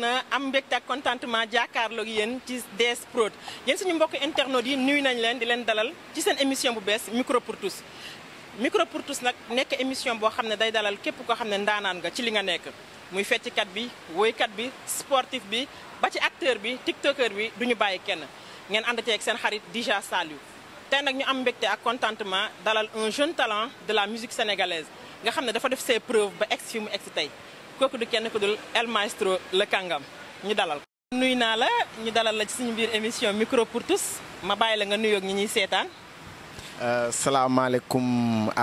na am mbégte ak contentement jàkkaarloog yéen ci DS Prod yéen suñu mbokk internautes yi nuyu nañ leen di leen dalal ci seen émission bu bees micro pour micro pour tous nag nekk émission boo xam ne day dalal képp koo xam ne ndaanaan nga ci li nga nekk muy fecckat bi woykat bi sportif bi ba ci acteur bi tiktoker bi duñu bàyyi kenn ngeen ànd ceeg seen xarit Dija Saliou tey nag ñu am mbégte ak contentement dalal un jeune talent de la musique sénégalaise nga xam ne dafa def ses preuves ba ex mu ex tey kooku du kenn ku dul El Maestro le kàngam ñu dalal ko. nuyu naa la ñu dalal la ci suñu biir émission micro ma bàyyi la nga nuyoog ñi ñuy seetaan. Euh, salaamaaleykum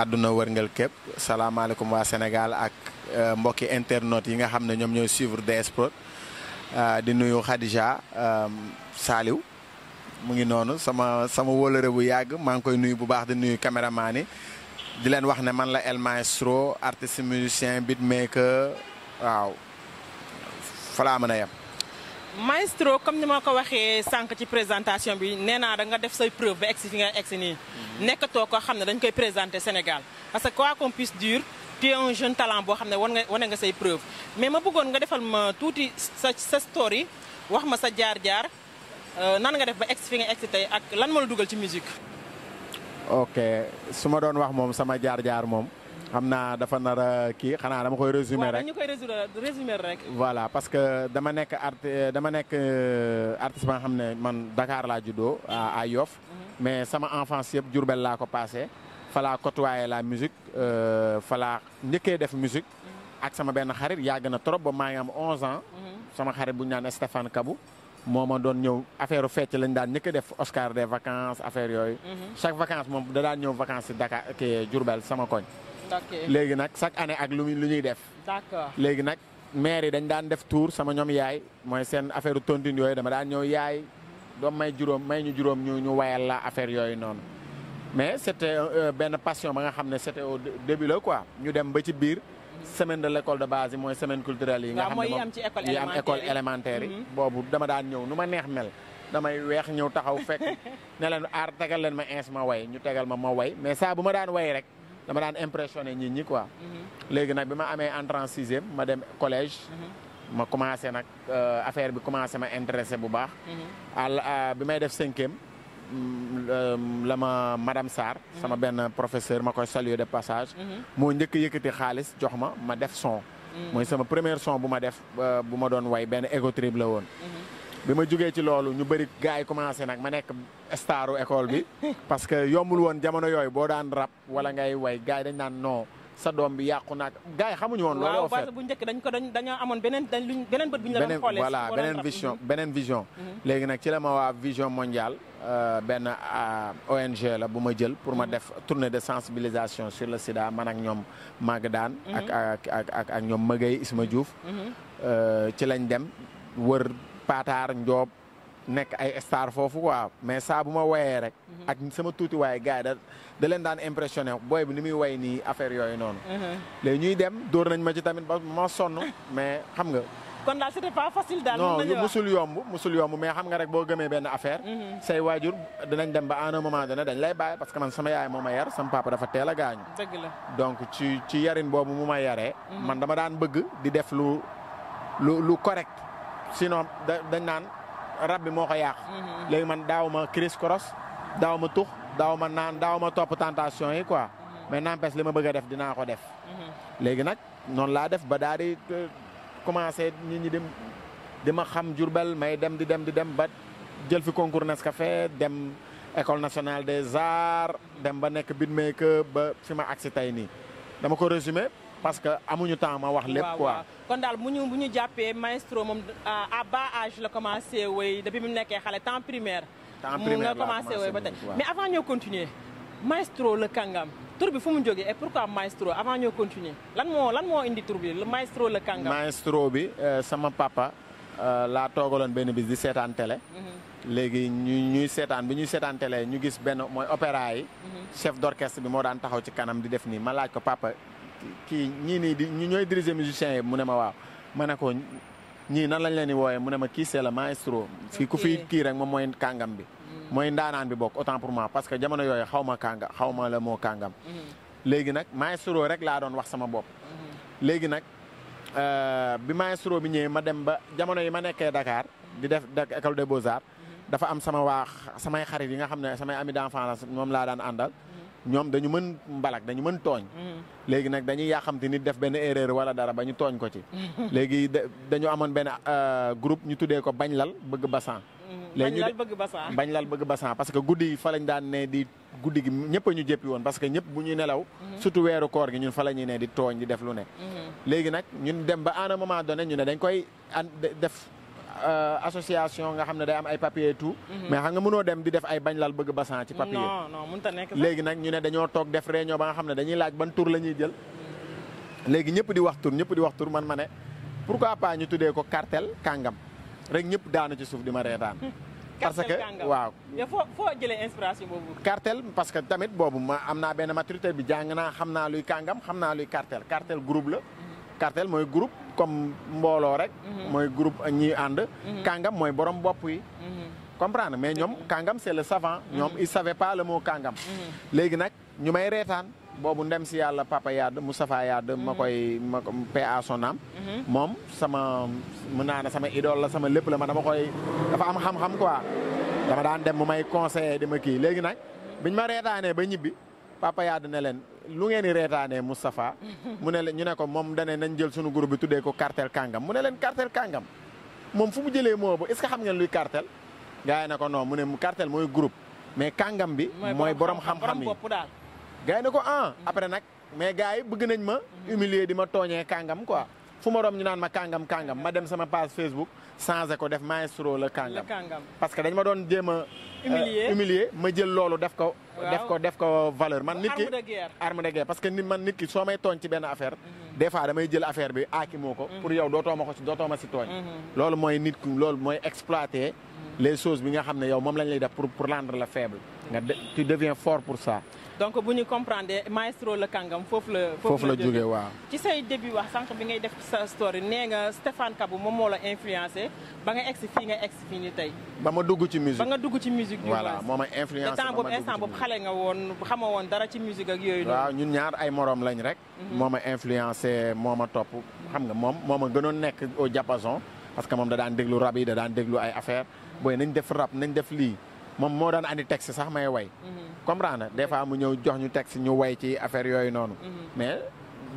àdduna wërngal képp salaamaaleykum waa Sénégal ak euh, mbokki internet yi nga xam ne ñoom ñooy suivre des Prod euh, di nuyu Khadija Saliou mu ngi noonu sama sama wóolare bu yàgg maa ngi koy nuyu bu baax di nuyu caméraman yi di leen wax ne man la El Maestro artiste musicien beatmaker waaw falaa mën a yem maestro comme ni ma ko waxee sànq ci présentation bi nee naa da nga def say preuve ba egsi fi nga egsi ni mhm. nekkatoo ko xam ne dañ koy présenter Sénégal parce que quoi qu'on puisse dire tu es jeune talent boo xam ne wan nga wane nga say preuve mais ma bëggoon nga defal ma tuuti sa sa story wax ma sa jaar-jaar euh, nan nga def ba egsi fi nga egsi tey ak lan ma la dugal ci musique ok su ma doon wax moom sama jaar-jaar moom xam na dafa nar a kii xanaa dama koy résumer rek ñu rek. voilà parce que dama nekk art dama nekk euh, artiste ba nga xam ne man Dakar laa judo a Yoff mhm. mais sama enfance yëpp Diourbel laa ko passé fa laa côtoyé la musique euh, fa laa def musique mhm. ak sama benn xarit yàgg na trop ba maa ngi am 11 ans. Mhm. sama xarit bu ñu naan Stéphane Kabou. moo ma doon ñëw affaire fecc lañ daan ñëkk def Oscar des vacances affaire yooyu. chaque vacance moom da daan ñëw vacances si Dakar kii sama koñ. léegi nag chaque année ak lu lu ñuy def. d'accord léegi nag maire yi dañ daan def tour sama ñoom yaay mooy seen affaire tontine yooyu dama daan ñëw yaay doom may juróom may ñu juróom ñu ñu wayal la affaire yooyu noonu. mais c'était euh, benn passion ba nga xam ne c'était au début la ñu dem ba ci biir. semaine de l'école de base mooy semaine culturelle yi. nga xam ne moom yi am école élémentaire yi. Mm-hmm. boobu dama daan ñëw nu ma neex mel. damay weex ñëw taxaw fek ne leen aar tegal leen ma ins ma way ñu tegal ma ma way mais sa bu ma daan way rek. dama daan impressionné nit ñi quoi. Mhm. léegi nag bi ma amee entrant sixième ma dem collège. Mhm. ma commencé nag euh, affaire bi commencé ma intéressé bu baax. à mhm. euh, bi may def cinquième mm, euh, la ma madame Sarr. sama benn professeur ma koy saluer de passage. moo njëkk yëkkati xaalis jox ma ma def son. mooy sama première son bu ma def bu ma doon way benn égo trip la woon. bi ma jugee ci loolu ñu bëri gars yi commencé nag ma nekk staru école bi parce que yombul woon jamono yooyu boo daan rap wala ngay way gars dañ naan non sa doom bi yàqu naag gars yi xamuñu woon. loolu waaw parce bu njëkk dañ ko dañ dañoo amoon beneen dañ beneen bët bu ñu la doon voilà mhm. beneen vision beneen mhm. vision. léegi nag ci la ma waa vision mondiale euh, benn euh, ONG la bu ma jël pour ma mhm. def tournée de sensibilisation sur le sida man ak ñoom Mag Daan. ak ak ak ak ñoom Magay Isma Diouf. Euh, ci lañ dem wër. paataar njoob nekk ay star foofu quoi mais saa bu ma woyee rek. Mhm. ak sama tuuti waaye gars da da leen daan impressionné booy bi ni muy way nii affaire yooyu noonu. Mhm. léegi ñuy dem dóor nañ ma ci tamit ba ma sonn mais xam nga. kon daal c'était pas facile daal. non musul yomb musul mais xam nga rek boo gëmee benn affaire. Mhm. say waajur dinañ dem ba à un moment dañ lay bàyyi parce que man sama yaay moo ma yar sama papa dafa teel a gaañu. la donc ci ci yarin boobu mu ma yaree. man dama daan bëgg di def lu lu lu correct. sinon dañ naan rab bi moo ko yàq. Mhm. léegi man daaw ma crise koros daaw ma tux daaw ma naan daaw ma topp tentation yi quoi. Mhm. mais n'empêche li ma bëgg a def dina ko def. Mhm. léegi nag noonu laa def ba daal di euh, commencé nit ñi dem di ma xam Jurbel may dem di dem di dem ba jël fi concours Nescafé dem école nationale des arts dem ba nekk beatmaker ba fi ma agsi tey nii dama ko résumé parce que amuñu temps ma wax lépp quoi. kon daal mu ñu bu ñu jàppee maestro moom euh, à bas âge la commencé woy de bi mu nekkee xale temps primaire. temps primaire mu nga commencé woy ba tey mais avant ñoo continuer maestro le kàngam tur bi fu mu jógee et pourquoi maestro avant ñoo continuer lan moo lan moo indi tur bi le maestro le kàngam. bi euh, sama papa euh, laa toogaloon benn bis di seetaan télé. Mhm. léegi ñu ñuy seetaan bi ñuy seetaan télé ñu gis benn mooy opéra yi. Mhm. chef d'orchestre bi moo daan taxaw ci kanam di def nii ma laaj ko papa. kii ñii nii di ñooy diriger musiciens yi mu ne ma waaw ma ne ko ñii nan lañ leen di wooyee mu ne ma kii c'est le maestro fii ku fi kii rek moom mooy kàngam bi hmm. mooy ndaanaan bi bokk autant pour moi parce que jamono yooyu xaw ma kànga xaw ma la moo kàngam hmm. léegi nag maestro rek laa doon wax sama bopp hmm. léegi nag euh, bi maestro bi ñëwee ma dem ba jamono yi ma nekkee dakaar di def école des beaux dafa am sama waa samay xarit yi nga xam ne samay ami d'enfance moom laa daan àndal ñoom dañu mën mbalak dañu mën tooñ mm-hmm. léegi nag dañuy yàqamti nit def benn erreur wala dara ba ñu tooñ ko ci mm-hmm. léegi dañu amoon benn euh, groupe ñu tuddee ko bañ lal bëgg basan mm-hmm. léegi bañ lal bëgg bassan parce que guddi yi fa lañ daan ne di guddi gi ñëpp a ñu jéppi woon parce que ñëpp bu ñuy nelaw surtout weeru koor gi ñun fa la ñuy ne di tooñ di def lu ne léegi nag ñun dem ba à un moment ñu ne dañ koy def Euh, association nga xam ne day am ay papier tout. Mhm. mais xam nga mënoo dem di def ay bañ lal bëgg basan ci papier. non non nekk léegi nag ñu ne dañoo toog def réunion ba nga xam ne dañuy laaj ban tur la jël. léegi ñëpp di wax tur ñëpp di wax tur man ma ne pourquoi pas ñu tudee ko cartel kàngam rek ñëpp daanu ci suuf di ma reetaan. parce que waaw. foo foo jëlee inspiration parce que tamit boobu ma am naa benn maturité bi jàng naa xam naa luy kàngam xam naa luy cartel cartel groupe la. cartel mooy groupe comme mbooloo rek. Mhm. mooy groupe ñi ànd. Mhm. kàngam mooy borom bopp yi. Mhm. comprendre mais ñoom kàngam c'est le savant. ñoom il savait pas moo mot léegi nag ñu may reetaan boobu ndem si yàlla papa yadd Moustapha yadd ma koy ma paix naam moom sama mën naa ne sama idole la sama lépp la ma dama koy dafa am xam-xam quoi dama daan dem mu may conseiller di kii léegi nag biñ ma reetaanee ba ñibbi papa yadd ne lu ngeen di reetaanee Moustapha mu ne leen ñu ne ko moom dane nañ jël sunu group bi tuddee ko cartel kàngam mu ne leen cartel kàngam moom fu mu jëlee moo ba est-ce xam ngeen luy cartel gars ne ko non mu ne cartel mooy group mais kàngam bi mooy borom xam-xam yi gars yi ne ko ah après nag mais gars yi bëgg nañ ma humilier di ma tooñee kàngam ko fu ma rom ñu naan ma kàngam kàngam ma dem sama page Facebook changé ko def maestro la kàngam parce que dañ ma doon jéem a euh, humilier ma jël loolu def ko def ko def ko valeur man nit ki arme parce que nit man nit ki soo may tooñ ci benn affaire mhm. des fois damay jël affaire bi aaki moo ko pour mhm. yow dootoo ma ko ci dootoo ma si tooñ mhm. loolu mooy nit ki loolu mooy exploiter les choses bi nga xam ne yow moom lañ lay def pour pour rendre la faible nga tu deviens fort pour ça donc bu ñu comprendre maestro la kàngam foofu la. foofu la jógee waaw. ci say début wax sànq bi ngay def sa story nee nga Stéphane Kabou moom moo la influencé ba nga egsi fii nga egsi fii tey. ba ma dugg ci musique ba nga dugg ci musique. voilà moo ma influencé te temps boobu instant xale nga woon xamoo woon dara ci musique ak yooyu. waaw ñun ñaar ay morom lañ rek. Mhm. moo a influencé moo ma topp xam nga moom moo ma gënoon nekk au japason parce que moom da daan déglu rab yi da daan déglu ay affaire booy nañ def rab nañ def lii. moom moo daan andi texte sax may way mhm. comprendre des fois mu ñëw jox ñu texte ñu way ci affaire yooyu noonu mhm. mais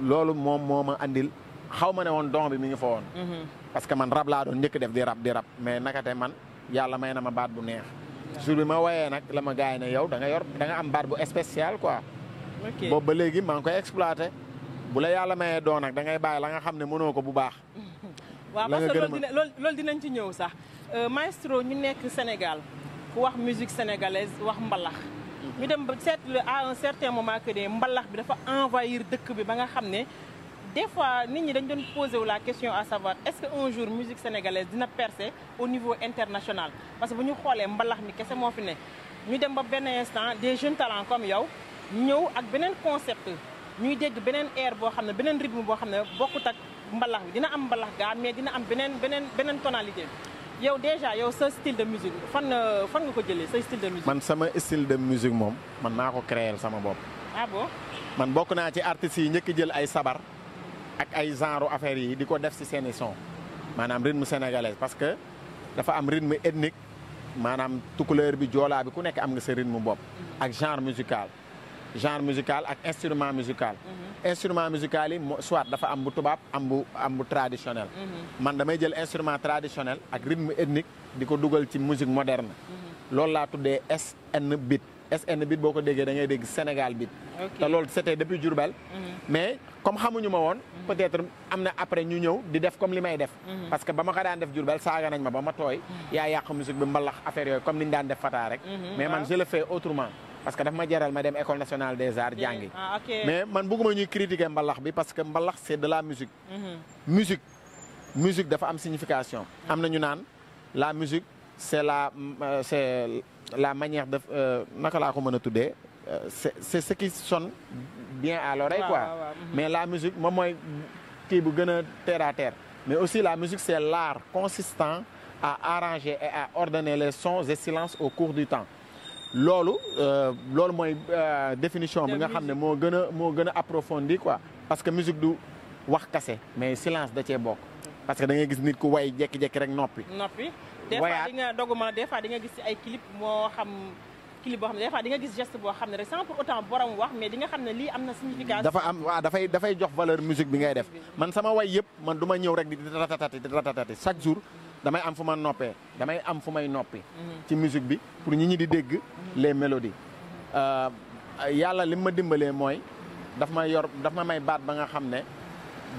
loolu moom moo ma andil xaw ma ne woon don bi mu ngi fa woon mhm. parce que man rab laa doon njëkk def di rab di rab mais nakate man yàlla may na ma baat bu neex jour bi ma wayee nag la ma gars yi yow da nga yor da am baat bu spécial quoi boobu ba léegi maa ngi koy exploité bu la yàlla mayee doon nag da ngay bàyyi la nga xam ne mënoo ko bu baax waaw parce que loolu dinañ ci ñëw sax euh, maestro ñu nekk senegal ku wax musique sénégalaise wax mbalax ñu dem ba seetlu à un certain moment que ne mbalax bi dafa envahir dëkk bi ba nga xam ne des fois nit ñi dañ doon posé wu la question à savoir est-ce que un jour musique sénégalaise dina percer au niveau international parce que bu ñu xoolee mbalax mi kese moo fi ne ñu dem ba benn instant des jeunes talents comme yow ñëw ak beneen concept ñuy dégg beneen air boo xam ne beneen rythme boo xam ne bokkut ak mbalax bi dina am mbalax gaa mais dina am beneen beneen beneen tonalité yow déjà yow sa style de musique fan fan nga ko jëlee sa style de musique. man sama style de musique moom man maa ko créer sama bopp. ah bon. man bokk naa ci artistes yi njëkk jël ay sabar ak ay genre affaire yi di ko def si seeni son maanaam rythme sénégalais parce que dafa am rythme ethnique maanaam tukuleur bi joolaa ku nekk am nga sa rythme bopp ak genre musical. genre musical ak instrument musical. Mhm. instrument musical yi soit dafa am bu tubaab am bu am bu traditionnel. Mhm. man damay jël instrument traditionnel ak rythme ethnique di ko dugal ci musique moderne. Mhm. loolu laa tuddee SN beat SN beat boo ko déggee da ngay dégg Sénégal beat. te loolu c'était depuis Diourbel. mais comme xamuñu ma woon. peut-être am na après ñu ñëw di def comme li may def. parce que ba ma ko daan def Diourbel saaga nañ ma ba tooy. yaa yàq musique bi mbalax affaire yooyu comme ni ñu daan def Fata rek. mais ah. parce que daf ma jaral ma dem école nationale des arts jàngi ah, mais man bëgguma ñuy critiquer mbalax bi parce que mbalax c'est de la musique mm-hmm. musique musique dafa am signification am na ñu naan la musique c'est la euh, c'est la manière de euh, naka laa ko mën a tuddee euh, c'est c'est ce qui sonne bien à l'oreille quoi mm-hmm. mais la musique moom mooy kii bu gën a terre mais aussi la musique c'est l'art consistant à arranger et à ordonner les sons et silences au cours du temps loolu euh, loolu mooy euh, définition bi nga xam ne moo gën a moo gën a approfondi quoi parce que musique du wax kase mais silence da cee bokk parce que da gis nit ku way jekki-jekki rek noppi noppi des fois di nga doggu ma des fois di nga gis ay clip moo xam clip boo xam ne des fois di nga gis geste boo xam ne rek sans pour autant borom wax mais di nga xam na signification dafa am waaw dafay dafay jox valeur musique bi ngay def man sama way yëpp man du ma ñëw rek di ratatati ratatati chaque jour damay am fu ma noppee damay am fu may noppi. Mhm. ci musique bi pour ñi ñi di dégg les mélodies. Euh, yàlla lim ma dimbalee mooy daf ma yor daf ma may baat ba nga xam ne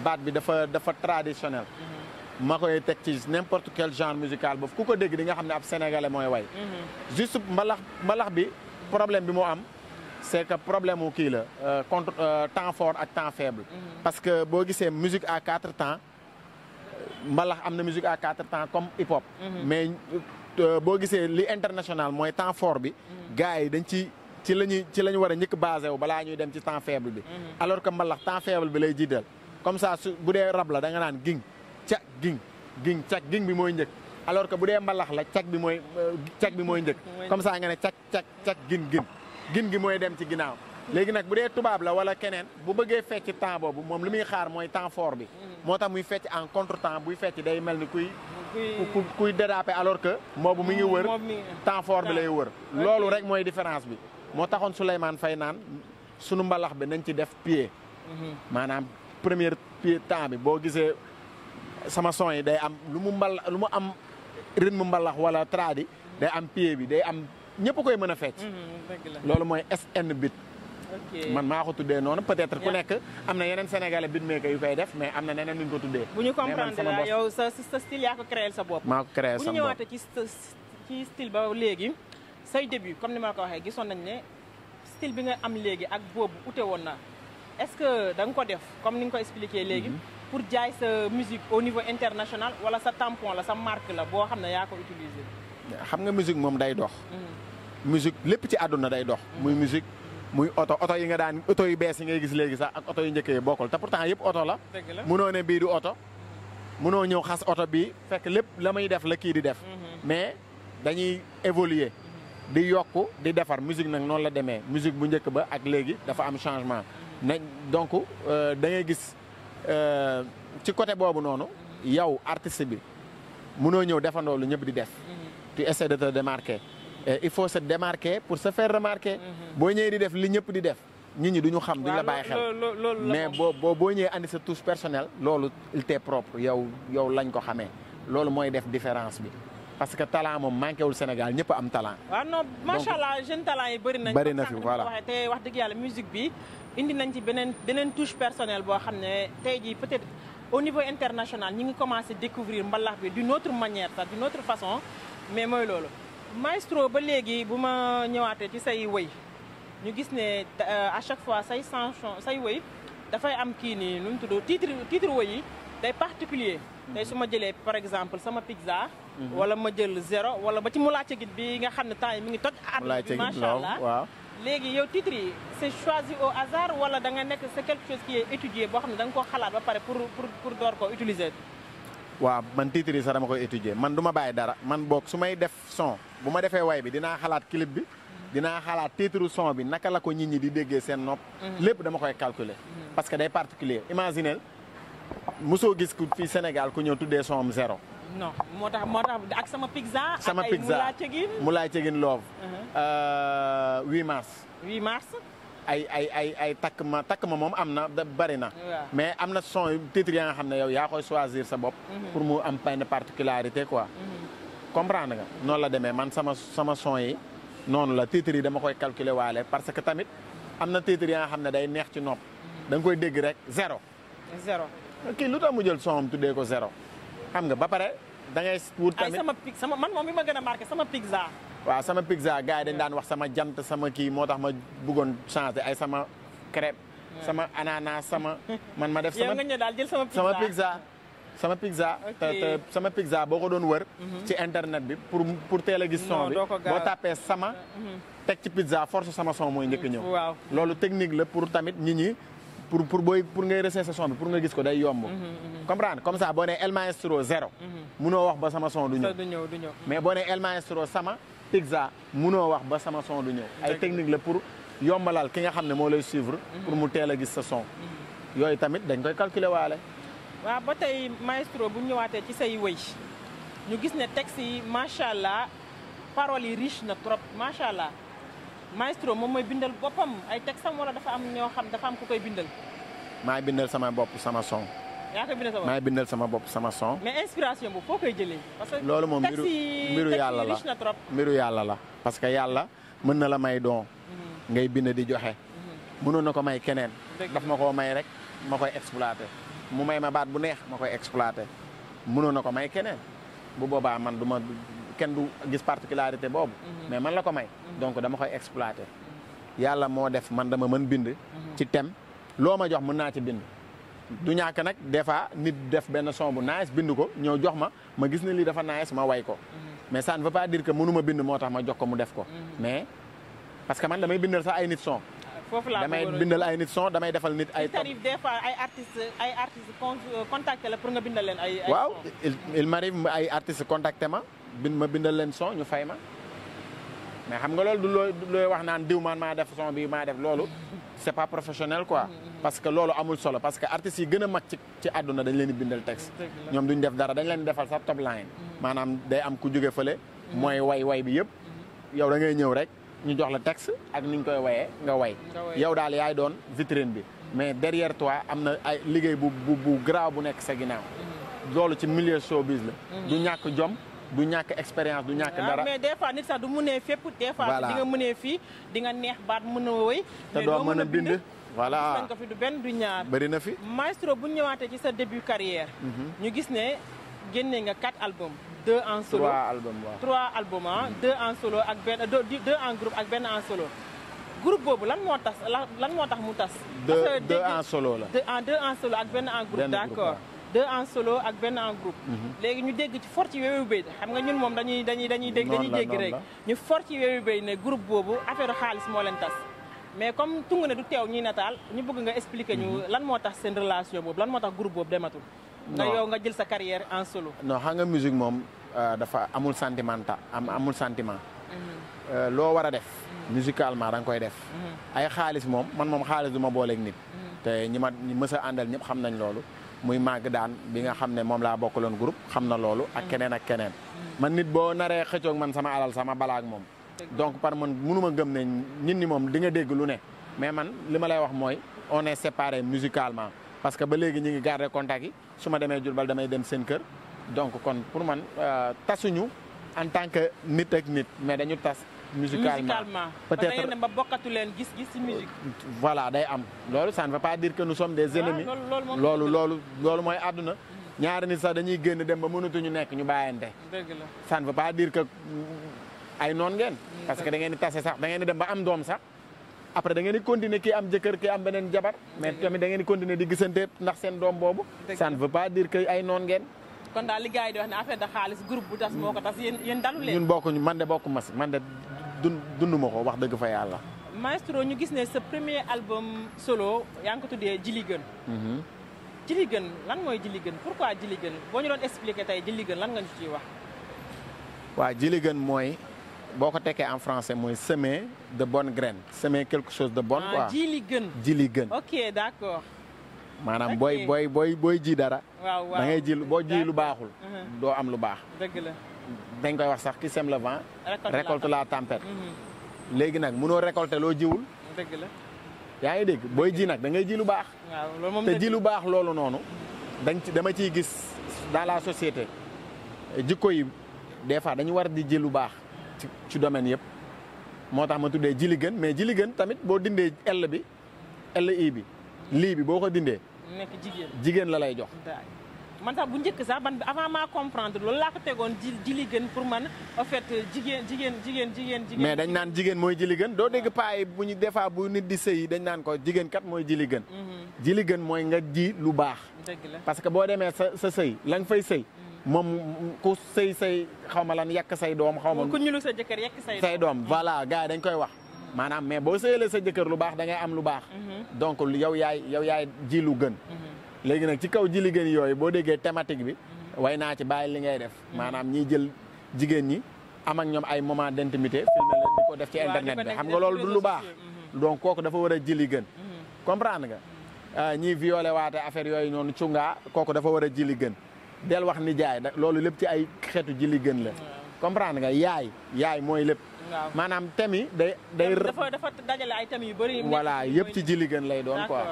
baat bi dafa dafa traditionnel. Mhm. ma koy teg ci n'importe quel genre musical boobu ku ko dégg di nga xam ne ab sénégalais mooy way. Mhm. juste mbalax mbalax bi problème bi mu am. c'est que problème mu kii la euh, contre euh, temps fort ak temps faible. parce que boo gisee musique à quatre temps. mbalax am na musique à quatre temps comme hip hop. Mhm. mais euh, euh, boo gisee li international mooy temps fort bi. Mhm. gars yi dañ ci ci la ñuy ci la ñu war njëkk basé wu balaa ñuy dem ci temps faible bi. Mhm. alors que mbalax temps faible bi lay jiital comme ça su bu dee rab la da nga naan ging ca ging ging cag ging bi mooy njëkk. alors que bu dee mbalax la cag bi mooy euh, cag bi mooy njëkk. comme ça nga ne cag cag cag gin gin gin gi mooy dem ci ginnaaw. léegi nag bu dee tubaab la wala keneen bu bëggee fecc temps boobu moom li muy xaar mooy temps fort bi mm-hmm. moo tax muy fecc en contre temps buy fecc day mel ni kuy kuy kuy déraper alors que moobu mi ngi wër temps fort bi lay wër loolu rek mooy différence bi moo taxoon Souleymane fay naan sunu mbalax bi nañ ci def pied mm-hmm. maanaam premier pied temps bi boo gisee sama son yi day am lu mu mbal lu mu am rythme mbalax wala tradi day am pied bi day am ñëpp koy mën a fecc mm-hmm, loolu mooy SN beat man maa ko tuddee noonu peut-être ku nekk am na yeneen sénégalais beatmaker yu koy def mais am na neneen lu ñu ko tuddee. bu ñu comprendre la yow sa sa style yaa ko créé sa bopp. maa ko créé sa bopp bu ñu ñëwaatee ci ci style ba léegi say début comme ni maa ko waxee gisoon nañ ne style bi nga am léegi ak boobu ute woon na est-ce que danga ko def comme ni nga ko expliqué léegi. Mhm. pour jaay sa musique au niveau international wala sa tampon la sa marque la boo xam ne yaa ko utiliser xam nga musique moom day dox. Mhm. musique lépp ci àdduna day dox. Mhm. muy muy oto oto yi nga daan oto yu bees yi ngay gis léegi sax ak oto yu njëkk yi bokkul te pourtant yëpp oto la munoo ne bii du oto munoo ñëw xas oto bii fekk lépp la muy def la kii di def mhm. mais dañuy évoluer di yokk di defar musique nag noonu la demee musique bu njëkk ba ak léegi dafa am changement mhm. na donc euh, da ngay gis euh, ci côté boobu noonu yow artiste bi munoo ñëw defandoo lu ñëpp di def mhm. tu essaies de te démarquer et eh, il faut sa démarquer pour sa faire remarquer. Mhm. boo ñëwee di def li ñëpp di def. nit ñi duñu xam duñ la bàyyi xel mais boo boo boo ñëwee andi sa touche personnelle loolu il t'est propre yow yow lañ ko xamee loolu mooy def différence bi parce que talent moom manqué wul Sénégal ñëpp am talent. waaw non macha allah jeune talent yi bëri nañ. bëri na fi voilà te wax dëgg yàlla musique bi indi nañ ci beneen beneen touche personnelle boo xam ne tey jii peut-être au niveau international ñi ngi commencé découvrir mbalax bi d'une autre manière sax mais mooy loolu. maestro ba léegi bu ma ñëwaatee ci say wëy ñu gis ne euh, à chaque fois say chanson say wëy dafay am kii nii nu mu tudd tiitre titre wëy yi day particulier mm-hmm. tey su ma jëlee par exemple sama pizza mm-hmm. wala ma jël zéro wala ba ci mulaace git bi nga xam ne temps yi mu ngi toj aat bi macha allah waaw léegi yow titre yi c'est choisi au hasard wala da nga nekk c'est quelque chose qui est étudié boo xam ne da nga koo xalaat ba pare pour pour pour door koo utiliser waaw man titre yi sax koy étudier man du ma bàyyi dara man boog su may def son bu ma defee way bi dinaa xalaat clip bi dina xalaat titre son bi naka la ko nit ñi di déggee seen nopp mhm. lépp dama koy calculer mhm. parce que day particulier imaginez musoo gis ku fii Sénégal ku ñëw tuddee son mu zéro non moo tax moo tax ak sama pizza sama mu laa Cegin love 8 mhm. euh, mars 8 mars ay ay ay ay takk ma takk ma moom am na bari na mais am na son titre nga xam ne yow yaa koy choisir sa bopp pour mu am benn particularité quoi comprendre nga noonu la demee man sama sama son yi noonu la titres yi dama koy calculer waale parce que tamit am na titres yi nga xam ne day neex ci nopp da koy dégg rek zéro. zéro kii lu tax mu jël son am tuddee ko zéro xam nga ba pare da ngay wut tamit ay sama sama man moom bi ma gën a marqué sama pizza. waaw sama pizza gars yi dañ daan wax sama jant sama kii moo tax ma bëggoon changé ay sama crêpe. sama ananas sama man ma def sama. yow nga ñëw daal sama pizza sama pizza boo ko doon wër. Mhm. ci internet bi pour pour teel a gis. son bi boo tàppee sama. Mhm. teg ci pizza force sama son mooy njëkk ñëw. waaw loolu technique la pour tamit ñi ñi. pour pour booy pour ngay sa son bi pour nga gis ko day yomb. Mhm, comprendre comme ça boo nee El Maestro zéro. munoo wax ba sama son du ñëw. du ñëw mais boo nee El Maestro sama pizza munoo wax ba sama son du ñëw. ay technique la pour yombalal ki nga xam ne moo lay suivre. pour mu teel a gis sa son. yooyu tamit dañ koy calculer waale. waaw ba tey maestro bu ñëwaatee ci say wëy ñu gis ne texte yi macha allah paroles yi riche na trop macha allah maestro moom mooy bindal boppam ay texte am dafa am ñoo xam dafa am ku koy bindal. maay bindal sama bopp sama son. yaa bindal sama bopp sama son. mais inspiration boobu foo koy jëlee. parce que loolu moom mbiru mbiru yàlla la mbiru yàlla la. parce que yàlla mën na la may don. Mhm. ngay bind di joxe. Mhm. mënoon na ko may keneen. daf ma koo may rek ma koy exploité. mu may ma baat bu neex ma koy exploité mënoon na ko may keneen bu boobaa man du ma kenn du gis particularité boobu mhm. mais man la ko may mhm. donc dama koy exploité mhm. yàlla moo def man dama mën bind ci tem loo ma jox mën naa ci bind du ñàkk nag des fois nit def benn son bu nice bind ko ñëw jox ma ma gis ne lii dafa nice ma way ko mais ça ne veut pas dire mënu ma bind moo tax ma jox ko mu def ko mais parce que man damay bindal sax ay nit son foofu laa damay bindal ay nit son damay defal nit ay. tarif des ay artistes ay artistes euh, contacté la pour nga bindal leen ay. waaw il il m'arrive ay artistes contacté ma bind ma bindal leen son ñu fay ma mais xam nga loolu du looy looy wax naan diw man maa def son bi maa def loolu c'est pas professionnel quoi. Mm, mm, mm. parce que loolu amul solo parce que artistes yi gën a mag ci ci dañ leen di bindal texte. ñoom duñ def dara dañ leen defal sax top line. maanaam day am ku jóge fële. mooy way way bi yëpp yow da ngay ñëw rek. ñu jox la texte ak ni ñu koy wayee nga way yow daal yaay doon vitrin bi mais derrière toi am na ay liggéey bu bu bu graaw bu nekk sa ginnaaw mm-hmm. loolu ci milieu showbiz la mm-hmm. du ñàkk jom du ñàkk expérience du ñàkk ah, dara mais des fois nit sax du mënee fépp des fois di nga mënee fii di nga neex baat mën a woy te doo mën a bind voilà gis ko fi du benn du ñaar bëri na fi maestro bu ñëwaatee ci sa début carrière mm-hmm. ñu gis ne génnee nga quatre albums deux en solo trois albums waaw trois albums ah. Mm. deux en solo ak benn deux en groupe ak benn en solo. groupe boobu lan moo tas lan moo tax mu tas. deux deux en solo la. deux en deux en solo ak benn en groupe. d'accord deux en solo ak benn en groupe. Mm-hmm. léegi ñu dégg ci fort ci weewu béy xam nga ñun moom dañuy dañuy dañuy dégg dañuy dégg rek. ñu fort ci weewu béy ne groupe boobu affaire xaalis moo leen tas. mais comme tungu ne du teew ñuy nataal ñu bëgg nga expliquer ñu mm-hmm. lan moo tax seen relation boobu lan moo tax groupe boobu dematul. nga yow nga jël sa carrière en solo. non xam nga musique moom euh, dafa amul sentimental am amul sentiment. Mm-hmm. Euh, loo war a def. Mm-hmm. musicalement da nga koy def. Mm-hmm. ay xaalis moom man moom xaalis du ma booleeg nit. te ñi ma ñi mës a àndal xam nañ loolu. muy màgg daan bi nga xam ne moom laa bokkaloon group xam na loolu. ak keneen ak keneen. man nit boo naree xëccoog man sama alal sama balaak moom. donc par man mënuma gëm ne nit ñi moom di nga dégg lu ne. mais man li ma lay wax mooy on est séparés musicalement. parce que ba léegi ñu ngi garder contact yi su ma demee Diourbel damay dem seen kër donc kon pour man euh, tasuñu en tant que nit ak nit mais dañu tas. musicalement peut-être ba bokkatu leen gis voilà day am loolu ça ne veut pas dire que nous sommes des ah, ennemis. loolu loolu loolu mooy àdduna. ñaari nit sax dañuy génn dem ba mënatuñu nekk ñu bàyyante. dëgg la ça ne veut pas que mm, ay noon ngeen. Mm, parce que da ngeen di tase sax da ngeen di dem ba am doom sax. après dangeen ngeen di continuer kii am jëkkër kii am beneen jabar mais tamit da ngeen di continuer di gisante ndax seen doom boobu ça ne veut pas dire que ay noon ngeen kon daal li gars yi di wax ne affaire de xaalis groupe bu tas moo ko tas yéen yéen dalu leen ñun bokkuñu man de bokku ma si man de dund dund ma ko wax dëgg fa yàlla maestro ñu gis ne sa premier album solo yaa ngi ko tuddee Djily Guène Djily mhm. lan mooy Djily Guène pourquoi Djily Guène boo ñu doon expliquer tey Djily Guène lan nga ñu ciy wax waaw Djily Guène mooy boo ko tekkee en français mooy semer de bonnes graines semer quelque chose de bon ah, quoi ji li gën ji li gën ok d'accord maanaam booy booy booy booy ji dara waaw waaw ngay ji boo ji lu baaxul uh-huh. doo am lu baax dëgg dañ koy wax sax qui sème le vent récolte la tempête mm-hmm. léegi nag munoo récolter loo jiwul dëgg la yaa ngi dégg booy jii nag da ngay ji lu baax te jii lu baax loolu noonu dañ ci dama ciy gis dans la société jikko yi des fois dañu war di ji lu baax ci ci domaine yëpp moo tax ma tuddee jili gën mais jili tamit boo dindee L bi li bi lii bi boo ko dindee. nekk jigéen jigéen la lay jox. man sax bu njëkk sax bi avant maa comprendre loolu laa ko tegoon ji pour man en fait jigéen jigéen jigéen jigéen. jigéen mais dañ naan jigéen mooy jili doo dégg paa yi bu ñu des fois bu nit di sëyi dañ naan ko jigéen kat mooy mhm. jili gën. mooy nga ji lu baax. dëgg la parce que boo demee sa sa sëy la fay sëy. moom ku sëy say xaw ma lan yàq say doom. xaw ma ku ñulu sa jëkkër yàq say doom say doom voilà dañ koy wax. maanaam mais boo sëyalee sa jëkkër lu baax da ngay am lu baax. Mhm. donc yow yaay yow yaay ji lu gën. Mhm. léegi nag ci kaw ji li gën yooyu boo déggee thématique bi. Mhm. way naa ci bàyyi li ngay def. maanaam ñiy jël jigéen ñi am ak ñoom ay moment d'intimité filmé leen di ko def ci internet bi xam nga loolu lu baax. donc kooku dafa war a ji gën. comprendre nga euh, ñiy violé waate affaire yooyu ñoo noonu cungaa kooku dafa war a ji gën. del wax ni jaay loolu lépp ci ay xeetu ji la. comprendre nga yaay yaay mooy lépp. maanaam thème yi day. day dafa dafa dajale ay thèmes yu bëri. voilà yëpp ci ji lay doon quoi.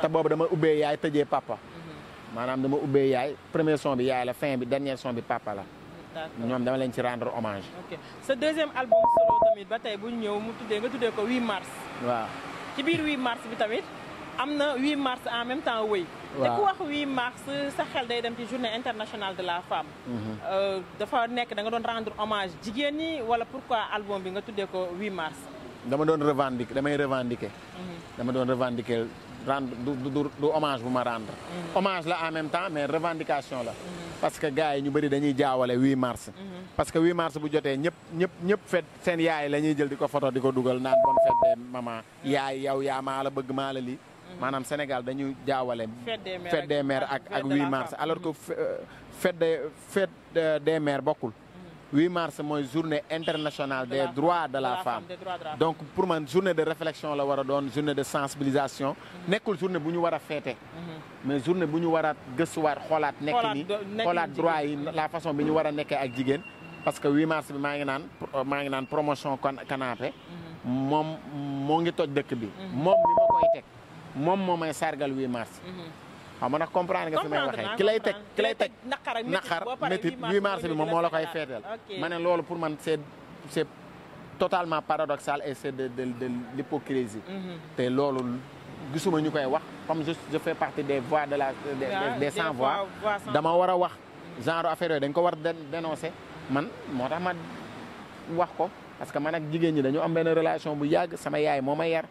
te boobu dama ubbee yaay tëjee papa. Mhm. maanaam dama ubbe yaay premier son bi yaay la fin bi dernier son bi papa la. ñoom dama leen ci rendre hommage. ok sa deuxième album ba tey bu ñëw mu tuddee nga tuddee ko 8 mars. waaw ci biir 8 mars bi tamit. am na huit mars en même temps wëy te ku wax 8 la femme mhm. euh, dafa nekk danga doon rendre hommage jigéen ñi wala pourquoi album bi nga tuddee ko 8 mars dama doon revendiquer damay revendiquer mhm. dama doon revendiquer rendre du du hommage bu ma rendre mhm. hommage la en même temps mais revendication la parce que gars yi ñu bëri dañuy jaawale 8 mars parce que 8 mars bu jotee ñëpp ñëp ñëpp seen yaay la ñuy jël di ko photo di ko dugal naan bonne fête des yaay yow yaa maa la bëgg maa lii maanaam Sénégal dañu jaawale. fête des mères ak ak 8 mars alors que mm-hmm. euh, fête des fête des mères bokkul. 8 mm-hmm. mars mooy journée international des droits de la femme donc pour man journée de réflexion la war a doon journée de sensibilisation mm-hmm. nekkul journée bu ñu war a féete mais journée bu ñu war a gëstuwaat xoolaat nekk ni xoolaat droit yi la façon bi ñu war a nekkee ak jigéen parce que 8 mars bi maa ngi naan maa ngi naan promotion canapé moom moo ngi toj dëkk bi moom li ma koy teg moom moo may sargal 8 marché mhm. xam nga nag comprendre nga fi lay teg ki lay teg naqar métit 8 mars bi moom moo la koy feeteel ma ne loolu pour man c'est c'est totalement paradoxal et c'est de de de l'hypocrisie mhm. te loolu gisuma ñu koy wax comme je je fais partie des voix de la des ah, sans voix dama war a wax genre affaire yooyu dañ ko war a dénoncer man moo tax ma wax ko parce que man ak jigéen ñi dañu am benn relation bu yàgg sama yaay moo ma yar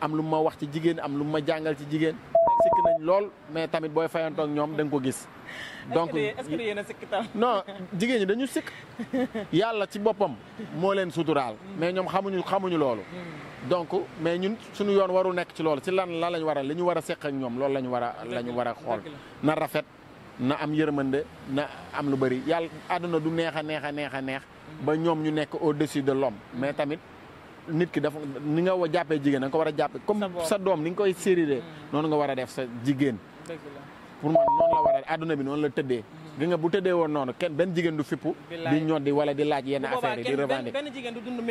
am lu ma wax ci jigéen am lu ma jàngal ci jigéen sikk nañ lool mais tamit booy fayantoog ñoom da ko gis donc est-ce jigéen ñi dañu sikk yàlla ci boppam moo leen suturaal mais ñoom xamuñu xamuñu loolu donc mais ñun suñu yoon warul nekk ci loolu ci lan la lañ war a li ñu war a seq ak ñoom loolu la ñu war a la ñu war a xool na rafet na am yërmande na am lu bëri yàlla àdduna du neex a neex a neex a neex ba ñoom ñu nekk au-dessus de l'homme mais tamit nit ki dafa ni nga jàppee jigéen da nga war a jàppee comme sa doom ni nga koy sériré mm. noonu nga war a def sa jigéen pour man noonu la waral adduna bi noonu la nga bu tëddee woon noonu kenn benn jigéen du fippu di ñoddi wala di laaj yenn affaire yi di revendiquer que ñun dañu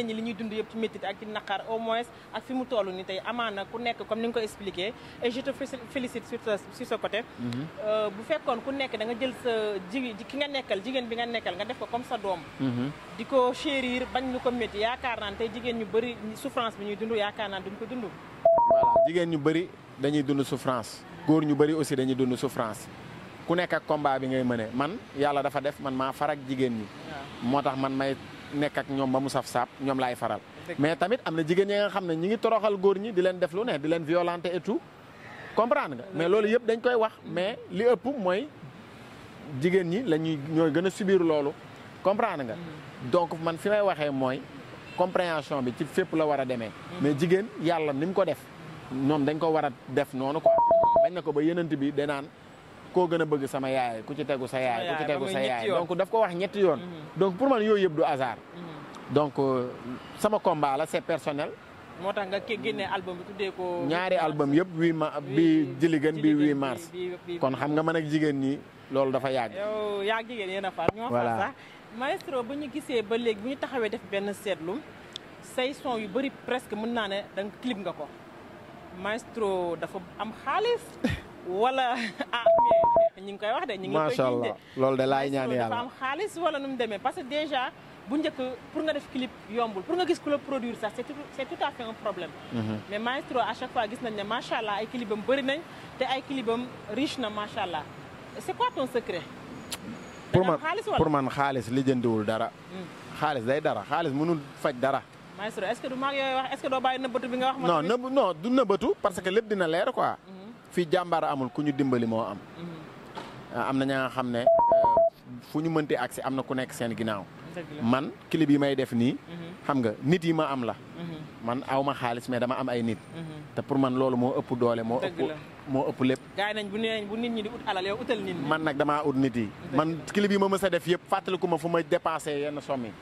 fee li ñuy dund yëpp ci métit ak ci naqar au moins ak fi ku nekk comme da nga jël jigéen ki nga nekkal jigéen bi nga nekkal nga def ko comme sa doom mhm. di ko chérir bañ lu ko métti yaakaar naan tey jigéen ñu bëri souffrance bi ñuy dund yaakaar naa duñ ko jigéen ñu bëri dañuy dund souffrance góor ñu bëri aussi dañuy dund souffrance ku nekk ak combat bi ngay mëne man yàlla dafa def man maa far jigéen ñi. moo tax man may nekk ak ñoom ba mu saf saap ñoom laay faral. mais tamit am na jigéen ñi nga xam ne ñi ngi toroxal góor ñi di leen def lu ne di leen violenter et tout nga mais loolu yëpp dañ koy wax mais li ëpp mooy jigéen ñi la ñuy ñooy gën a subir loolu comprendre nga. Mm. donc man fi may waxee mooy. compréhension bi ci fépp la war a demee mm. mais jigéen yàlla ni mu ko def ñoom dañ ko war a def noonu quoi bañ na ko ba yenant bi danaan koo gën a bëgg sama yaay ku ci tegu sa yaay ku ci tegu sa yaay donc daf ko wax ñetti yoon mm-hmm. donc pour man yooyu yëpp du hasard mm-hmm. donc euh, sama combat la c'est personnel moo tax nga génne album bi tuddee ko ñaari album yëpp huit ma bi jiligan bi huit mars kon xam nga mën ak jigéen ñi loolu dafa yàgg maestro ba ñu gisee ba léegi bu ñu taxawee def benn seetlu say son yu bëri presque mën naa ne danga clip nga ko maestro dafa am xaalis wala a ah, mais ñu ngi koy wax de. ñu ngi koy macha allah loolu de laay ñaan yàlla dafa am xaalis wala nu mu demee parce que déjà bu njëkk pour nga def clip yombul pour nga gis ku la produire sax c'est tout c'est tout à fait un problème. Mhm. maestro à chaque fois gis nañ ne macha allah ay clipam bëri nañ te ay clipam riche na macha allah c'est quoi ton pour man pour man xaalis lijjantiwul dara. xaalis day dara xaalis mënul faj dara. maestro est du mag yooyu nëbbatu parce que lépp dina leer quoi. Mhm. fii jàmbaar amul ku ñu dimbali moo am. Mhm. am na ñaa nga xam ne euh, fu ñu mënti agsi am na ku nekk seen ginnaaw. man clip yi may def nii. Mhm. xam nga nit yi ma am la. man aw ma xaalis mais dama am ay nit. te pour man loolu moo ëpp doole moo ëpp moo ëpp lépp gaay bu nee nit ñi di ut man nag damaa ut nit yi man clip yi ma mës a def yëpp fàttaliku ma fu ma dépensé yenn somme yi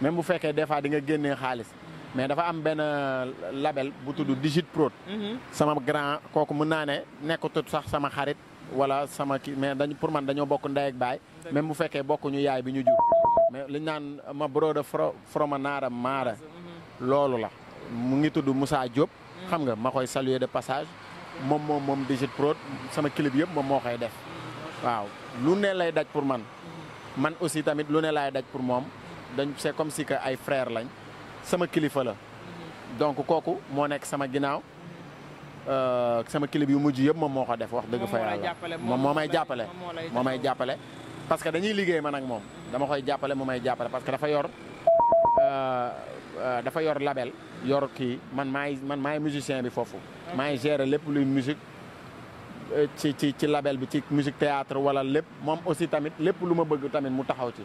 même bu fekkee des fois di nga génnee xaalis mais dafa am benn euh, label bu tudd Digit Prod mhm. sama grand kooku mën naa ne nekkatut sax sama xarit wala sama kii mais dañ pour man dañoo bokk ndey ak baay même bu fekkee bokkuñu yaay bi ñu jur mais li ñu naan ma broda fromanaara maara mhm. loolu la mu ngi tudd Moussa Diop xam nga ma koy saluer de passage moom moom moom Digit Prod sama clip yëpp moom moo koy def waaw lu ne lay daj pour man man aussi tamit lu ne laay daj pour moom dañ c'est comme si que ay frère lañ sama kilifa la donc kooku moo nekk sama ginnaaw euh, sama clip yu mujj yëpp moom moo ko def wax dëgg fa yàlla moom moom may jàppale moo ay jàppale parce que dañuy liggéey ma nag moom dama koy jàppale moom ay jàppale parce que dafa yor euh, Euh, dafa yor label yor kii man maay man maay musicien bi foofu maay gérer lépp luy musique euh, ci ci ci label bi ci musique théâtre wala lépp moom aussi tamit lépp lu ma bëgg tamit mu taxaw ci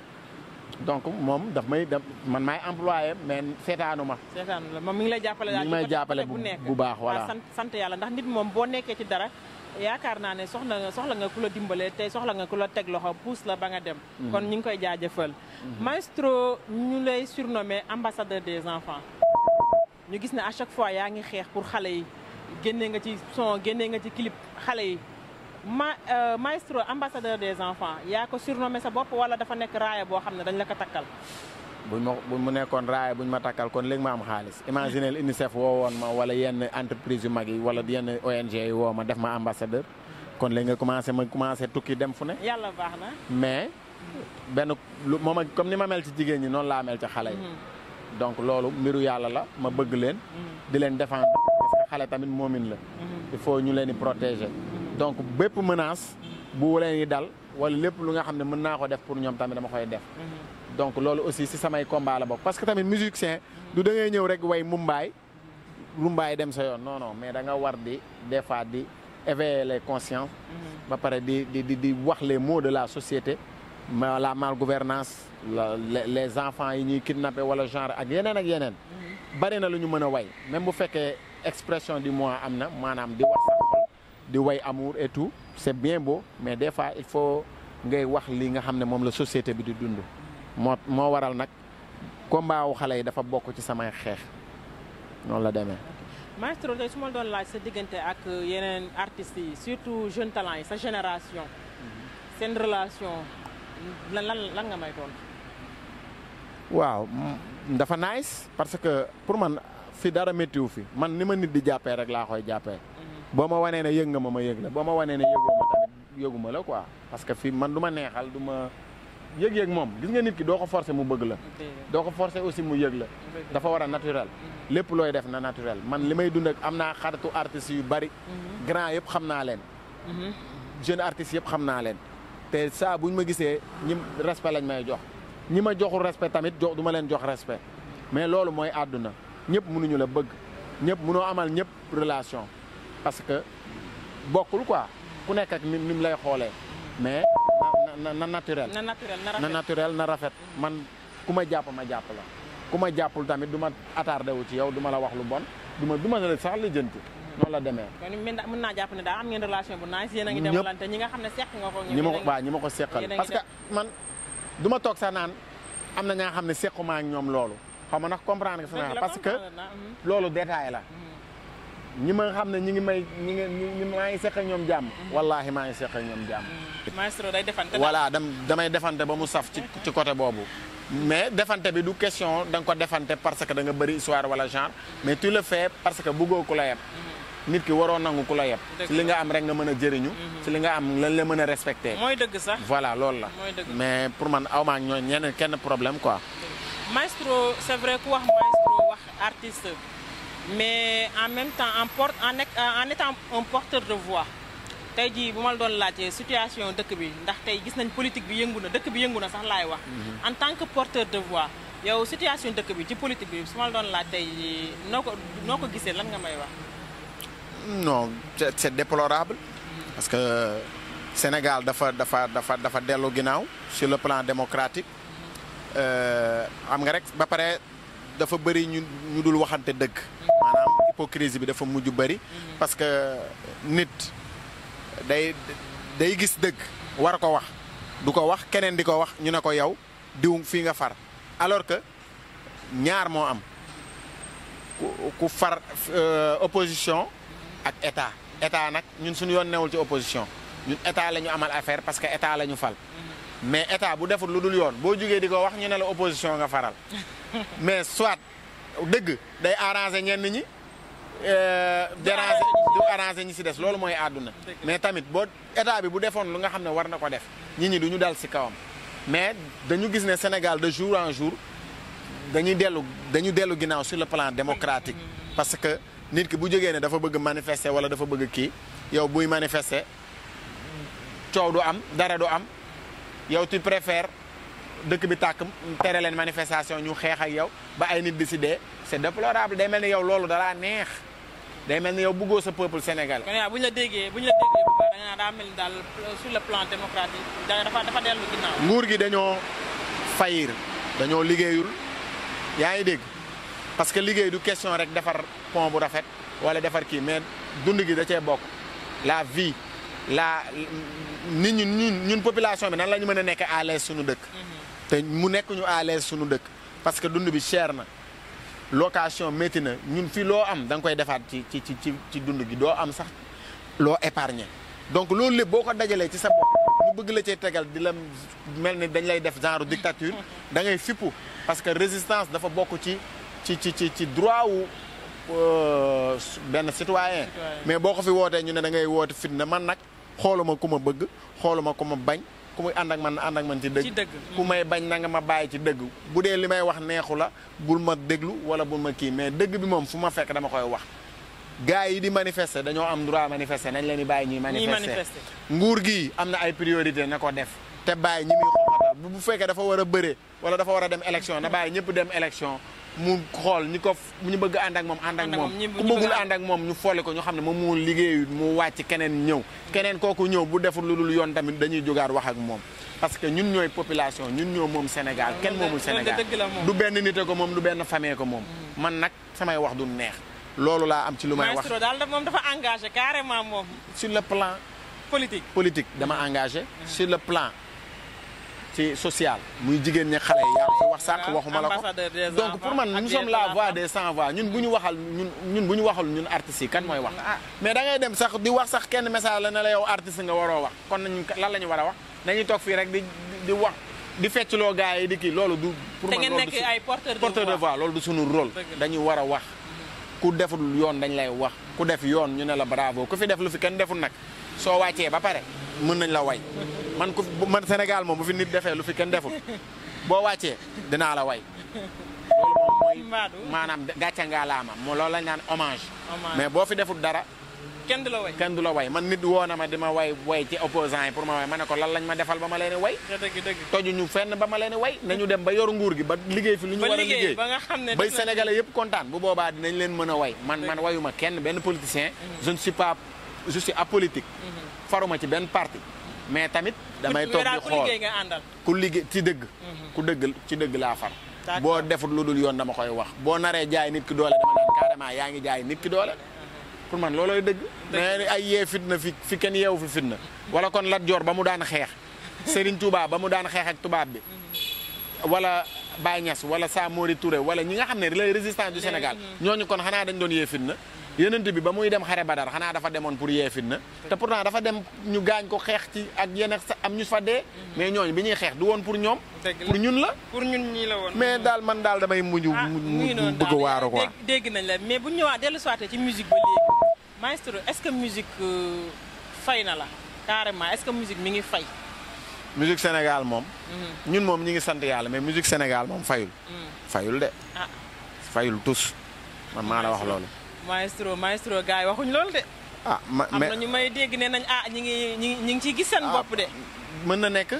donc moom daf may da man maay employé mais seetaanu ma. seetaanu la moom mi ngi lay jàppale daal mi may jàppale bu baax voilà ah, sant sant yàlla ndax nit moom boo nekkee ci dara. yaakaar naa ne soxla nga soxla nga ku la dimbale te soxla nga ku la teg loxo puus la ba nga dem mm-hmm. kon ñu ngi koy jaajëfal mm-hmm. maestro ñu lay surnommé ambassadeur des enfants ñu gis ne à chaque fois yaa ngi xeex pour xale yi génnee nga ci son génnee nga ci clip xale yi ma euh, maestro ambassadeur des enfants yaa ko surnommé sa bopp wala dafa nekk raaya boo xam ne dañ la ko takkal buñ ma bu mu nekkoon raaya buñ ma takkal kon léegi ma am xaalis imaginez UNICEF woo woon ma wala yenn entreprise yu mag yi wala yenn ONG yi woo ma def ma ambassadeur kon léegi nga commencé ma commencé tukki dem fu ne. yàlla baax mais benn lu moom comme ni ma mel ci jigéen ñi noonu laa mel ci xale yi. Mm-hmm. donc loolu mbiru yàlla la ma bëgg leen. Mm-hmm. di leen défendre xale tamit moomin la. Mm-hmm. il faut ñu leen di protéger. donc bépp menace bu leen yi dal wala lépp lu nga xam ne mën naa ko def pour ñoom tamit dama koy def. donc loolu aussi si samay combat la parce que tamit musicien du da ñëw rek way mumbaay mumbaay dem sa yoon non mais danga nga war di des fois di les consciences mhm. ba pare di di di di wax les maux de la société la malgouvernance la les enfants yi ñuy kidnappé wala genre ak yeneen ak yeneen mhm. bari na lu ñu mën a way même bu fekkee expression du mois am na maanaam di wax di way amour et tout c'est bien beau mais des fois il faut ngay wax li nga xam ne moom la société bi di dund moo moo waral nag combat wu xale yi dafa bokk ci samay xeex noonu la deme maestro tey su ma doon laaj sa diggante ak yeneen artistes yi surtout jeune talent yi sa génération. Mhm. seen relation lan lan nga may doon. waaw dafa nice parce que pour man fi dara méttiwu fi man ni ma nit di jàppee rek laa koy jàppee. Mhm. boo ma wanee ne yëg nga ma ma yëg la boo ma wanee ne yëgoo la quoi parce que fi man du neexal du ma. yéeg yëg moom gis nga nit ki doo ko forcer mu bëgg la doo ko forcer aussi mu yëg la dafa war a naturel lépp looy def na naturel man li may dund ak am naa xaritu artistes yu bari mhm. grand yëpp xam naa leen mhm. jeune artistes yëpp xam naa leen te saa buñ ma gisee ñi respect lañ may jox ñi ma joxul respect tamit jox du ma leen jox respect mais loolu mooy àdduna ñëpp mënuñu la bëgg ñëpp mënoo amal ñëpp relation parce que bokkul quoi ku nekk ak ni mu lay xoolee mais na naturel na rafet man ku ma jàpp ma jàpp la ku ma jàppul tamit du ma attardé wu ci yow du ma la wax lu bon du ma du ma la sax lijjanti noonu la demee kon na naa jàpp ne daal am ngeen relation bu nice yéen a ngi demalante ñi nga xam ne seq nga ko ñi ma ko waaw parce que man du ma toog sax am na ñaa nga ne sequma ak ñoom loolu xaw ma ndax comprendre nga sama parce que mhm. loolu détail la mhm. ñi ma xam ne ñi ngi may ñi ngi maa ngi seq ak ñoom jàmm. wallaahi maa ngi ñoom jàmm. maestro damay defante ba mu saf ci ci boobu. mais defante bi du question da nga ko defante parce que da nga bëri histoire wala genre mais tu le fais parce que bëggoo ku la yeb. nit ki waroo nangu ku la yeb. ci li nga am rek nga mën a jëriñu. Mhm. ci li nga am lan la mën a respecté. mooy dëgg sax voilà loolu la. mais pour man aw ma ak ñooñu kenn problème quoi. mais en même temps en porte en euh, en étant un porteur de voix tey jii bu ma la doon laajee situation dëkk bi ndax tey gis nañ politique bi yëngu na dëkk bi yëngu na sax laay wax. Mhm. en tant que porteur de voix yow situation dëkk bi ci politique bi su ma la doon laaj tey noo ko noo ko gisee lan nga may wax. non c'est déplorable. parce que Sénégal dafa dafa dafa dafa dellu ginnaaw sur le plan démocratique. xam euh, nga rek ba pare dafa bëri ñu ñu dul waxante dëgg. maanaam hypocrisie bi dafa mujj bari mhm. parce que nit day day gis dëgg war ko wax du ko wax keneen di ko wax ñu ne ko yow diw fii nga far alors que ñaar moo am ku far euh, opposition ak état état nag ñun suñu yoon newul ci opposition ñun état la ñu amal affaire parce que état la ñu fal. Mhm. mais état bu deful lu dul yoon boo jógee di ko wax ñu ne la opposition nga faral mais soit. dëgg day arrangé ñenn ñi euh, déranger du arranger ñi si des loolu mooy àdduna mais tamit boo état bi bu defoon lu nga xam ne war na ko def ñi ñi du ñu dal si kawam mais dañu gis ne Sénégal de jour en jour dañuy dellu dañu dellu ginnaaw sur le plan démocratique parce que nit ki bu jógee ne dafa bëgg manifester wala dafa bëgg kii yow buy manifester coow du am dara du am yow tu préfères dëkk bi tàkk tere leen manifestation ñu xeex ak yow ba ay nit di si dee c'est déplorable day mel ni yow loolu dalaa neex day mel ni yow bëggoo sa peuple sénégalais. bu ñu déggee bu ñu la déggee nguur gi dañoo fayir dañoo liggéeyul yaa ngi dégg parce que liggéey du question rek defar pont bu rafet wala defar kii mais dund gi da cee bokk la vie la nit ñi ñun ñun population bi nan la ñu mën a nekk à l'aise suñu dëkk. Mm-hmm. te mu nekkuñu ñu à l'aise suñu dëkk parce que dund bi cher na location métti na ñun fi loo am da nga koy defaat ci ci ci ci dund bi doo am sax loo épargne donc loolu lépp boo ko dajalee ci sa bopp bëgg la cee tegal di la mel ni dañ lay def genre dictature da ngay fippu parce que résistance dafa bokk ci ci ci ci ci droit wu euh, benn citoyen mais boo ko fi wootee ñu ne da ngay woote fitna man nag xooluma ku ma bëgg xooluma ku ma bañ ku ànd ak man ànd man ci dëgg. ci ku may bañ na nga ma bàyyi ci dëgg. bu dee li may wax neexu la bul ma déglu wala bul ma kii mais dëgg bi moom fu ma fekk dama koy wax. gars yi di manifester dañoo am droit manifester nañ leen di bàyyi ñuy manifester nguur gi am na ay priorité na ko def. te bàyyi ñi muy bu fekkee dafa war a bëre wala dafa war a dem élection na bàyyi ñëpp dem élection. mu xool ñi ko ñu bëgg ànd ak moom ànd ak moom ku bëggul ànd ak moom ñu foole ko ñu xam ne moom mu liggéeyu mu wàcc keneen ñëw keneen kooku ñëw bu deful lu dul yoon tamit dañuy jógaat wax ak moom parce que ñun ñooy population ñun ñoo moom Sénégal kenn moomu Sénégal du benn nite ko moom du benn famee ko moom man nag samay wax du neex loolu laa am ci lu may wax daal moom dafa engagé carrément moom sur le plan politique politique dama engagé mm-hmm. sur le plan ci social muy jigéen ñi xale yi yaa ko wax sànq ah, waxuma la ko donc pour man nous sommes la voix des sans voix ñun bu ñu waxal ñun ñun bu ñu ñun artistes yi kan mooy wax ah. mais da dem sax di wax sax kenn message la ne la yow artiste nga waroo wax kon nañu lan la ñu war wax nañuy toog fii rek di di wax di feccloo gars yi di kii loolu du pour man loolu nekk ay porteur de voix loolu du suñu rôle dañu war a wax ku deful yoon dañ lay wax ku def yoon ñu ne la bravo ku fi def lu fi kenn deful nag soo wàccee ba pare mën nañ la way man ku man Sénégal moom bu fi nit defee lu fi kenn deful boo wàccee dinaa la way loolu moom mooy maanaam gàcca ngaa laama moo loolu lañ naan boo fi deful dara kenn du la way kenn du la way man nit woo na ma di ma way way ci opposant yi pour ma way ma ne ko lan lañ ma defal ba ma leen way dëgg dëgg toju ñu fenn ba ma leen way nañu dem ba yor nguur gi ba liggéey fi lu ñu war a liggéey xam ne bay sénégalais yëpp kontaan bu boobaa dinañ leen mën a way man man wayuma kenn benn politicien mm-hmm. je si suis je suis apolitique. Mhm. faruma ci benn parti. mais tamit damay toog di xool ku liggéey ci dëgg. Mhm. ku dëgg ci dëgg laa far. boo defut lu dul yoon dama koy wax boo naree jaay nit ki doole dama yaa ngi jaay nit doole. Mhm. pour man loolooy dëgg. mais ay yee fitna fi fi kenn yeewu fi fitna. wala kon Lat Joor ba mu daan xeex. sëriñ Touba ba mu daan xeex ak tubaab bi. wala Baye Niass wala Samori Touré wala ñi nga xam ne lay résistance du Sénégal ñooñu kon xanaa dañ doon yee fitna. yenent bi ba muy dem xare badar xanaa dafa demoon pour yee fitna te pourtant dafa dem ñu gaañ ko xeex ci ak yeneen am ñu fa dee mais ñooñ bi ñuy xeex du woon pour ñoom pour ñun la pour ñun ñii la woon mais daal man daal damay mujj ah, mu bëgg waaru quoi dégg nañ la mais bu ñu ñëwaat dellu soité ci musique ba léegi maestro est-ce que musique euh, fay na la carrément est-ce que musique mi ngi fay musique Sénégal moom mm-hmm. ñun moom ñu ngi sant yàlla mais musique Sénégal moom fayul mm. fayul de ah. fayul tous man maa la wax loolu maestro maestro gars yi waxuñ loolu de. ah ma mais am na ñu may dégg ne nañ ah ñi ngi ñi ngi ñi ngi ciy gis seen ah, bopp de. mën na nekk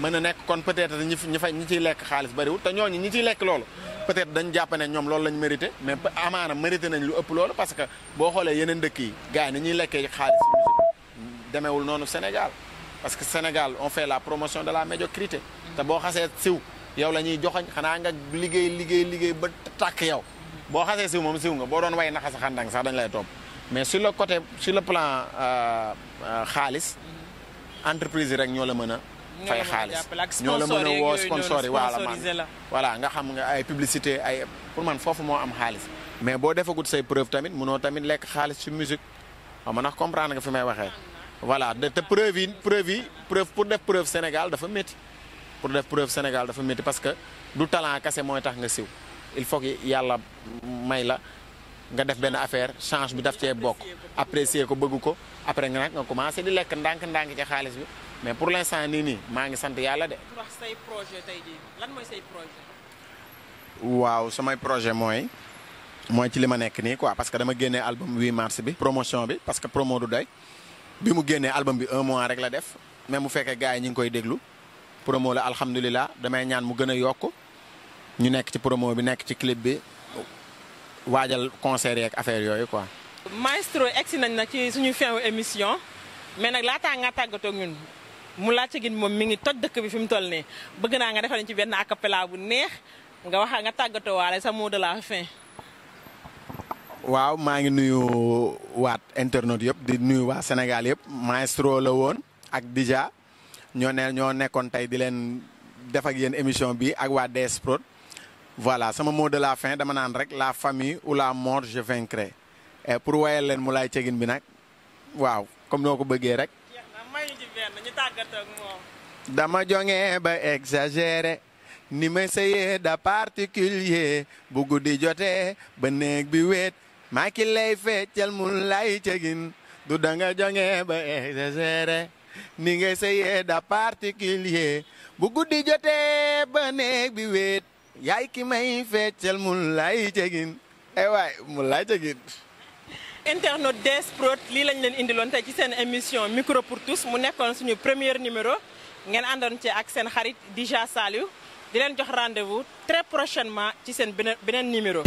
mën na nekk kon peut-être ñi ñi fay ñi ciy lekk xaalis bariwul te ñooñu ñi ciy lekk loolu. peut-être dañ jàpp ne ñoom loolu lañ mérité mais amaana mérité nañ lu ëpp loolu parce que boo xoolee yeneen dëkk yi gars yi ni ñuy lekkee xaalis demeewul noonu Sénégal parce que Sénégal on fait la promotion de la crité te boo xasee siw yow la ñuy joxoñ xanaa nga liggéey liggéey liggéey ba tàkk yow boo xasee siw moom siw nga boo doon way naxa sa xandang sax dañ lay topp mais sur le côté sur le plan euh, euh, xaalis entreprise rek ñoo la mën a fay xaalis ñoo la mën a woo sponsor yi voilà man voilà nga xam nga ay publicité ay pour man foofu moo am xaalis mais boo defagut say preuve tamit mënoo tamit lekk xaalis ci musique xam nga ndax comprendre nga fi may waxee voilà te preuve yi preuve yi pour def preuve Sénégal dafa métti pour def preuve Sénégal dafa métti parce que du talent kese mooy tax nga siw il faut que yàlla may la nga def benn affaire change bi daf cee bokk apprécier ko bëgg ko après nga nag nga commencé di lekk ndànk-ndànk ci xaalis bi mais pour l'instant nii nii maa ngi sant yàlla de. wax projet mooy say waaw samay projet mooy. mooy ci li ma nekk nii quoi parce que dama génne album 8 mars bi promotion bi parce que promo du doy bi mu génnee album bi un mois rek la def mais mu fekkee gars yi ñu ngi koy déglu promo la alhamdulilah damay ñaan mu gën a yokk. ñu nekk ci promo bi nekk ci clip bi waajal concert yeeg affaire yooyu quoi. maestro egsi nañ nag ci suñu fin émission mais nag laataa nga tàggatoo ñun mu laajte gi moom mi ngi toj dëkk bi fi mu toll nii bëgg naa nga defal ci benn a cappella bu neex nga wax nga tàggatoo waale sa moo della fin. waaw maa ngi nuyu waat internet yëpp di nuyu waa Sénégal yëpp maestro la woon ak Dija ñoo ne ñoo nekkoon tey di leen def ak yéen émission bi ak waa DS Prod voilà sama mot de la fin dama naan rek la famille ou la mor je vaincrai et eh, pour wayal leen mu laay cegin bi nag waaw comme noo ko bëggee rek. dama joŋee ba exagéré ni ma sëyee da particulier bu guddi jote ba néeg bi wéet maa ki feccal mu lay cegin du da nga joŋee ba exagéré ni nga sëyee da particulier bu guddi jotee ba néeg bi wéet. yaay ki may feccal mun lay jegin ay eh waay mun lay jegin internaute DS Prod lii lañ leen indiloon tey ci seen émission micro pour mu nekkoon suñu premier numéro ngeen àndoon ci ak seen xarit Dija Saliou di leen jox rendez-vous très prochainement ci seen beneen beneen numéro